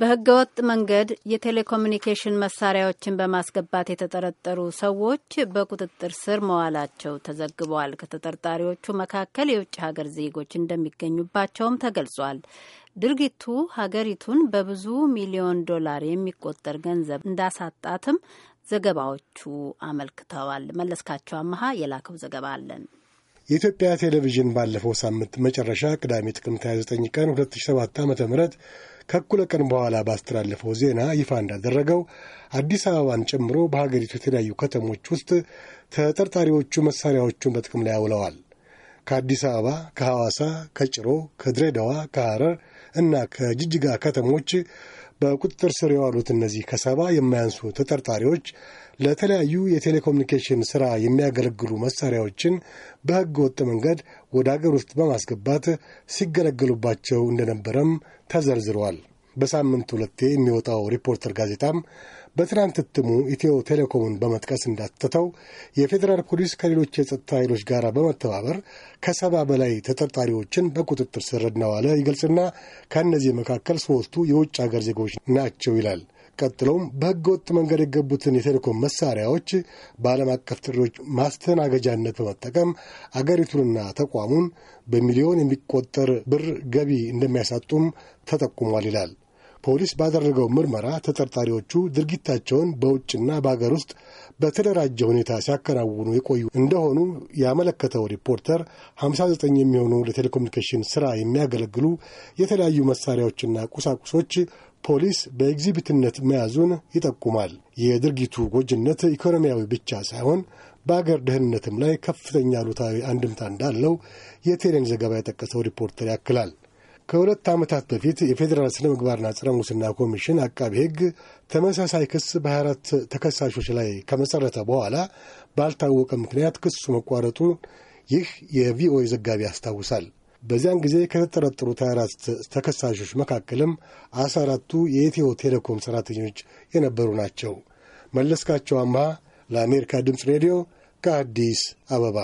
በህገወጥ መንገድ የቴሌኮሚኒኬሽን መሳሪያዎችን በማስገባት የተጠረጠሩ ሰዎች በቁጥጥር ስር መዋላቸው ተዘግበዋል። ከተጠርጣሪዎቹ መካከል የውጭ ሀገር ዜጎች እንደሚገኙባቸውም ተገልጿል። ድርጊቱ ሀገሪቱን በብዙ ሚሊዮን ዶላር የሚቆጠር ገንዘብ እንዳሳጣትም ዘገባዎቹ አመልክተዋል። መለስካቸው አመሃ የላከው ዘገባ አለን። የኢትዮጵያ ቴሌቪዥን ባለፈው ሳምንት መጨረሻ ቅዳሜ ጥቅምት 29 ቀን 2007 ዓ ም ከእኩለ ቀን በኋላ ባስተላለፈው ዜና ይፋ እንዳደረገው አዲስ አበባን ጨምሮ በሀገሪቱ የተለያዩ ከተሞች ውስጥ ተጠርጣሪዎቹ መሳሪያዎቹን በጥቅም ላይ አውለዋል። ከአዲስ አበባ፣ ከሐዋሳ፣ ከጭሮ፣ ከድሬዳዋ፣ ከሐረር እና ከጅጅጋ ከተሞች በቁጥጥር ስር የዋሉት እነዚህ ከሰባ የማያንሱ ተጠርጣሪዎች ለተለያዩ የቴሌኮሙኒኬሽን ሥራ የሚያገለግሉ መሣሪያዎችን በሕገ ወጥ መንገድ ወደ አገር ውስጥ በማስገባት ሲገለገሉባቸው እንደነበረም ተዘርዝረዋል። በሳምንት ሁለቴ የሚወጣው ሪፖርተር ጋዜጣም በትናንት እትሙ ኢትዮ ቴሌኮምን በመጥቀስ እንዳተተው የፌዴራል ፖሊስ ከሌሎች የጸጥታ ኃይሎች ጋር በመተባበር ከሰባ በላይ ተጠርጣሪዎችን በቁጥጥር ስር እንደዋለ ይገልጽና ከእነዚህ መካከል ሶስቱ የውጭ አገር ዜጎች ናቸው ይላል። ቀጥሎም በሕገ ወጥ መንገድ የገቡትን የቴሌኮም መሳሪያዎች በዓለም አቀፍ ጥሪዎች ማስተናገጃነት በመጠቀም አገሪቱንና ተቋሙን በሚሊዮን የሚቆጠር ብር ገቢ እንደሚያሳጡም ተጠቁሟል ይላል። ፖሊስ ባደረገው ምርመራ ተጠርጣሪዎቹ ድርጊታቸውን በውጭና በአገር ውስጥ በተደራጀ ሁኔታ ሲያከናውኑ የቆዩ እንደሆኑ ያመለከተው ሪፖርተር 59 የሚሆኑ ለቴሌኮሙኒኬሽን ሥራ የሚያገለግሉ የተለያዩ መሣሪያዎችና ቁሳቁሶች ፖሊስ በኤግዚቢትነት መያዙን ይጠቁማል። የድርጊቱ ጎጅነት ኢኮኖሚያዊ ብቻ ሳይሆን በአገር ደህንነትም ላይ ከፍተኛ አሉታዊ አንድምታ እንዳለው የቴሌን ዘገባ የጠቀሰው ሪፖርተር ያክላል። ከሁለት ዓመታት በፊት የፌዴራል ስነ ምግባርና ጸረ ሙስና ኮሚሽን አቃቢ ሕግ ተመሳሳይ ክስ በ24 ተከሳሾች ላይ ከመሠረተ በኋላ ባልታወቀ ምክንያት ክሱ መቋረጡ ይህ የቪኦኤ ዘጋቢ ያስታውሳል። በዚያን ጊዜ ከተጠረጠሩት 24 ተከሳሾች መካከልም አስራ አራቱ የኢትዮ ቴሌኮም ሠራተኞች የነበሩ ናቸው። መለስካቸው አምሃ ለአሜሪካ ድምፅ ሬዲዮ ከአዲስ አበባ